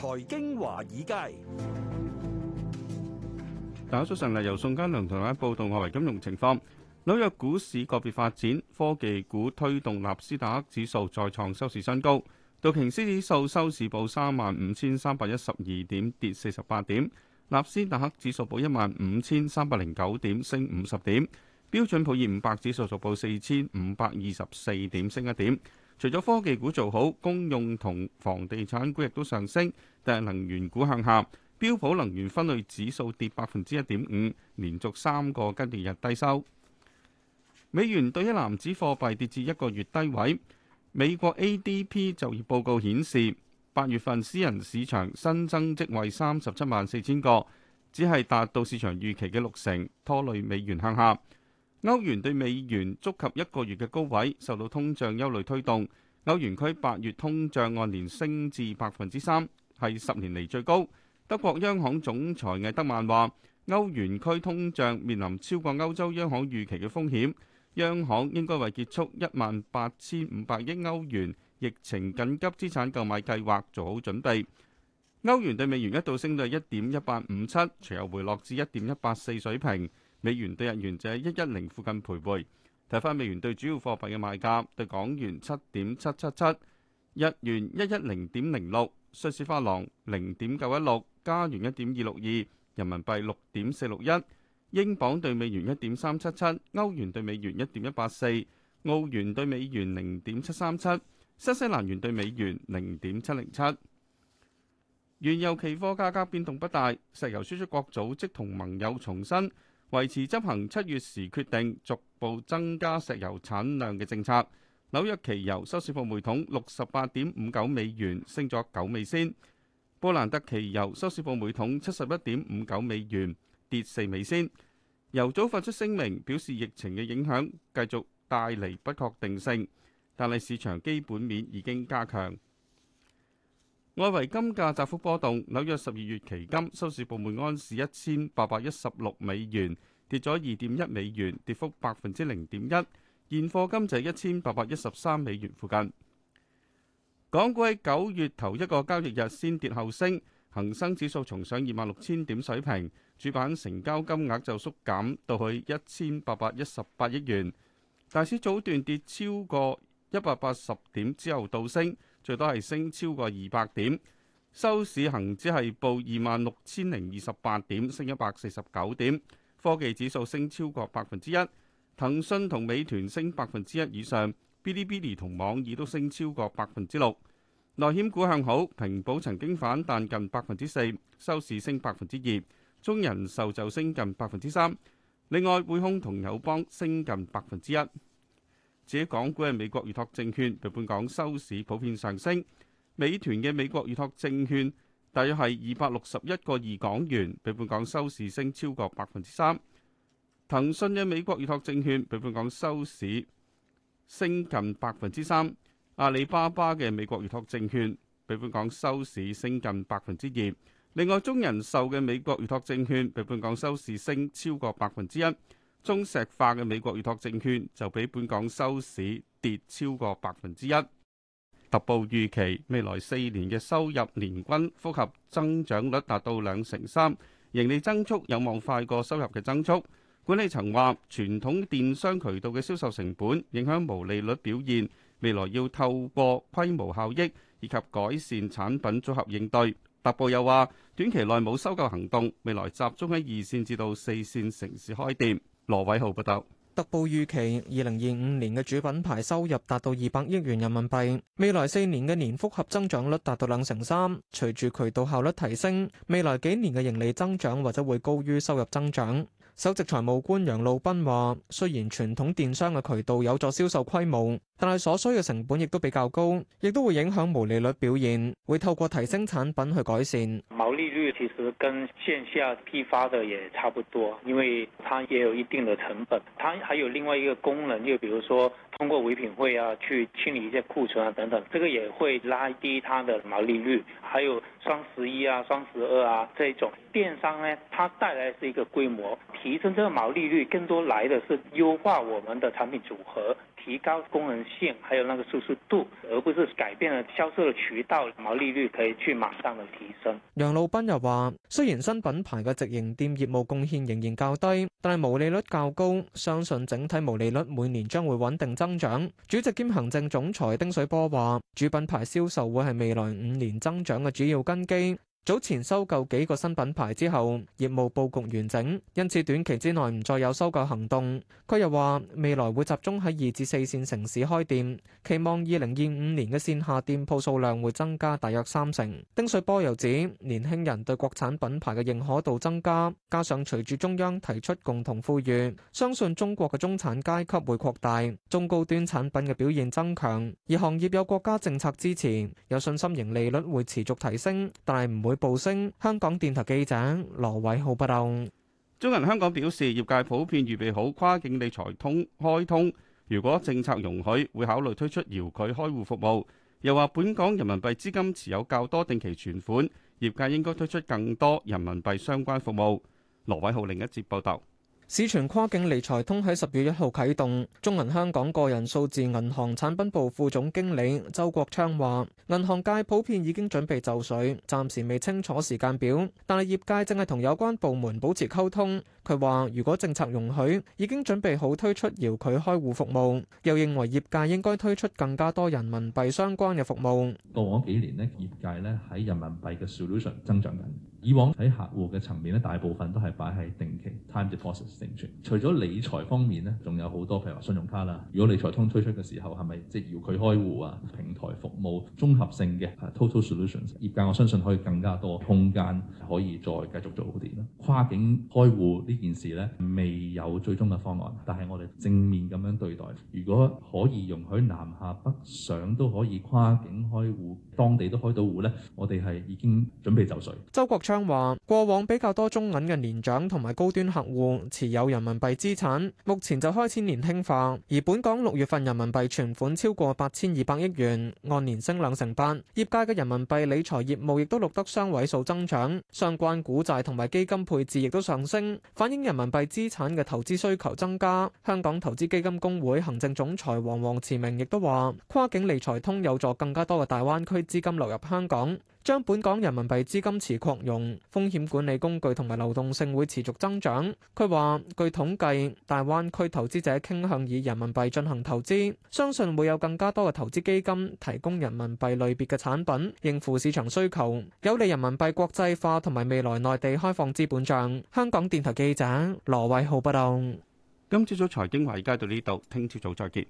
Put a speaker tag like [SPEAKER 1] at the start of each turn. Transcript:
[SPEAKER 1] 財經華爾街，大家早晨！嚟由宋嘉良同大家報道外圍金融情況。紐約股市個別發展，科技股推動納斯達克指數再創收市新高。道瓊斯指數收市報三萬五千三百一十二點，跌四十八點。納斯達克指數報一萬五千三百零九點，升五十點。標準普爾五百指數續報四千五百二十四點，升一點。除咗科技股做好，公用同房地產股亦都上升，但係能源股向下。標普能源分類指數跌百分之一點五，連續三個交易日低收。美元對一籃子貨幣跌至一個月低位。美國 ADP 就業報告顯示，八月份私人市場新增職位三十七萬四千個，只係達到市場預期嘅六成，拖累美元向下。歐元對美元觸及一個月嘅高位，受到通脹憂慮推動。歐元區八月通脹按年升至百分之三，係十年嚟最高。德國央行總裁魏德曼話，歐元區通脹面臨超過歐洲央行預期嘅風險，央行應該為結束一萬八千五百億歐元疫情緊急資產購買計劃做好準備。歐元對美元一度升到一點一八五七，隨後回落至一點一八四水平。美元對日元就喺一一零附近徘徊。睇翻美元對主要貨幣嘅賣價，對港元七點七七七，日元一一零點零六，瑞士法郎零點九一六，加元一點二六二，人民幣六點四六一，英鎊對美元一點三七七，歐元對美元一點一八四，澳元對美元零點七三七，新西蘭元對美元零點七零七。原油期貨價格變動不大，石油輸出國組織同盟友重申，維持執行七月時決定逐步增加石油產量嘅政策。紐約期油收市報每桶六十八點五九美元，升咗九美仙。波蘭特期油收市報每桶七十一點五九美元，跌四美仙。油組發出聲明表示疫情嘅影響繼續帶嚟不確定性，但係市場基本面已經加強。外圍金價窄幅波動，紐約十二月期金收市報每安士一千八百一十六美元，跌咗二點一美元，跌幅百分之零點一；現貨金就一千八百一十三美元附近。港股喺九月頭一個交易日先跌後升，恒生指數重上二萬六千點水平，主板成交金額就縮減到去一千八百一十八億元。大市早段跌超過一百八十點之後，倒升。最多係升超過二百點，收市恒指係報二萬六千零二十八點，升一百四十九點。科技指數升超過百分之一，騰訊同美團升百分之一以上，Bilibili 同網易都升超過百分之六。內險股向好，平保曾經反彈近百分之四，收市升百分之二，中人壽就升近百分之三。另外，匯控同友邦升近百分之一。自港股嘅美國預託證券，比本港收市普遍上升。美團嘅美國預託證券大約係二百六十一個二港元，比本港收市升超過百分之三。騰訊嘅美國預託證券比本港收市升近百分之三。阿里巴巴嘅美國預託證券比本港收市升近百分之二。另外，中人壽嘅美國預託證券比本港收市升超過百分之一。中石化嘅美國預託證券就比本港收市跌超過百分之一。特步預期未來四年嘅收入年均複合增長率達到兩成三，盈利增速有望快過收入嘅增速。管理層話，傳統電商渠道嘅銷售成本影響毛利率表現，未來要透過規模效益以及改善產品組合應對。特步又話，短期內冇收購行動，未來集中喺二線至到四線城市開店。
[SPEAKER 2] 羅偉浩報道，特步預期二零二五年嘅主品牌收入達到二百億元人民幣，未來四年嘅年複合增長率達到兩成三。隨住渠道效率提升，未來幾年嘅盈利增長或者會高於收入增長。首席財務官楊路斌話，雖然傳統電商嘅渠道有助銷售規模。但係所需嘅成本亦都比較高，亦都會影響毛利率表現。會透過提升產品去改善毛利率，其實跟線下批發的也差不多，因為它也有一定的成本。它還有另外一個功能，就比如說通過唯品會啊，去清理一些庫存啊等等，這個也會拉低它的毛利率。還有雙十一啊、雙十二啊，這種電商呢，它帶來是一個規模，提升這個毛利率更多來的是優化我們的產品組合。提高功能性，還有那個舒適度，而不是改變了銷售的渠道，毛利率可以去馬上的提升。楊鷺斌又話，雖然新品牌嘅直營店業務貢獻仍然較低，但係毛利率較高，相信整體毛利率每年將會穩定增長。主席兼行政總裁丁水波話，主品牌銷售會係未來五年增長嘅主要根基。早前收購幾個新品牌之後，業務佈局完整，因此短期之內唔再有收購行動。佢又話，未來會集中喺二至四線城市開店，期望二零二五年嘅線下店鋪數量會增加大約三成。丁水波又指，年輕人對國產品牌嘅認可度增加，加上隨住中央提出共同富裕，相信中國嘅中產階級會擴大，中高端產品嘅表現增強。而行業有國家政策支持，有信心盈利率會持續提升，但係唔會。會暴升。香港電台記者羅偉浩報道。
[SPEAKER 1] 中銀香港表示，業界普遍預備好跨境理財通開通，如果政策容許，會考慮推出遙距開戶服務。又話，本港人民幣資金持有較多定期存款，業界應該推出更多人民幣相關服務。羅偉浩另一節報道。
[SPEAKER 2] 市傳跨境理財通喺十月一號啟動，中銀香港個人數字銀行產品部副總經理周國昌話，銀行界普遍已經準備就緒，暫時未清楚時間表，但係業界正係同有關部門保持溝通。佢話：如果政策容許，已經準備好推出遙距開戶服務。又認為業界應該推出更加多人民幣相關嘅服務。
[SPEAKER 1] 過往幾年咧，業界咧喺人民幣嘅 solution 增長緊。以往喺客戶嘅層面咧，大部分都係擺喺定期 time deposit 存錢。除咗理財方面咧，仲有好多譬如話信用卡啦。如果理財通推出嘅時候，係咪即係遙距開戶啊？平台服務綜合性嘅 total solutions，業界我相信可以更加多空間可以再繼續做好啲囉。跨境開戶呢？件事呢，未有最終嘅方案，但係我哋正面咁樣對待。如果可以容許南下北上都可以跨境開戶，當地都開到戶呢，我哋係已經準備就緒。
[SPEAKER 2] 周國昌話，過往比較多中銀嘅年長同埋高端客戶持有人民幣資產，目前就開始年輕化。而本港六月份人民幣存款超過八千二百億元，按年升兩成八。業界嘅人民幣理財業務亦都錄得雙位數增長，相關股債同埋基金配置亦都上升。反映人民幣資產嘅投資需求增加。香港投資基金公會行政總裁黃黃慈明亦都話，跨境理財通有助更加多嘅大灣區資金流入香港。將本港人民幣資金池擴容，風險管理工具同埋流動性會持續增長。佢話：據統計，大灣區投資者傾向以人民幣進行投資，相信會有更加多嘅投資基金提供人民幣類別嘅產品，應付市場需求，有利人民幣國際化同埋未來內地開放資本帳。香港電台記者羅偉浩報道。今朝早財經華爾街到呢度，聽朝早再見。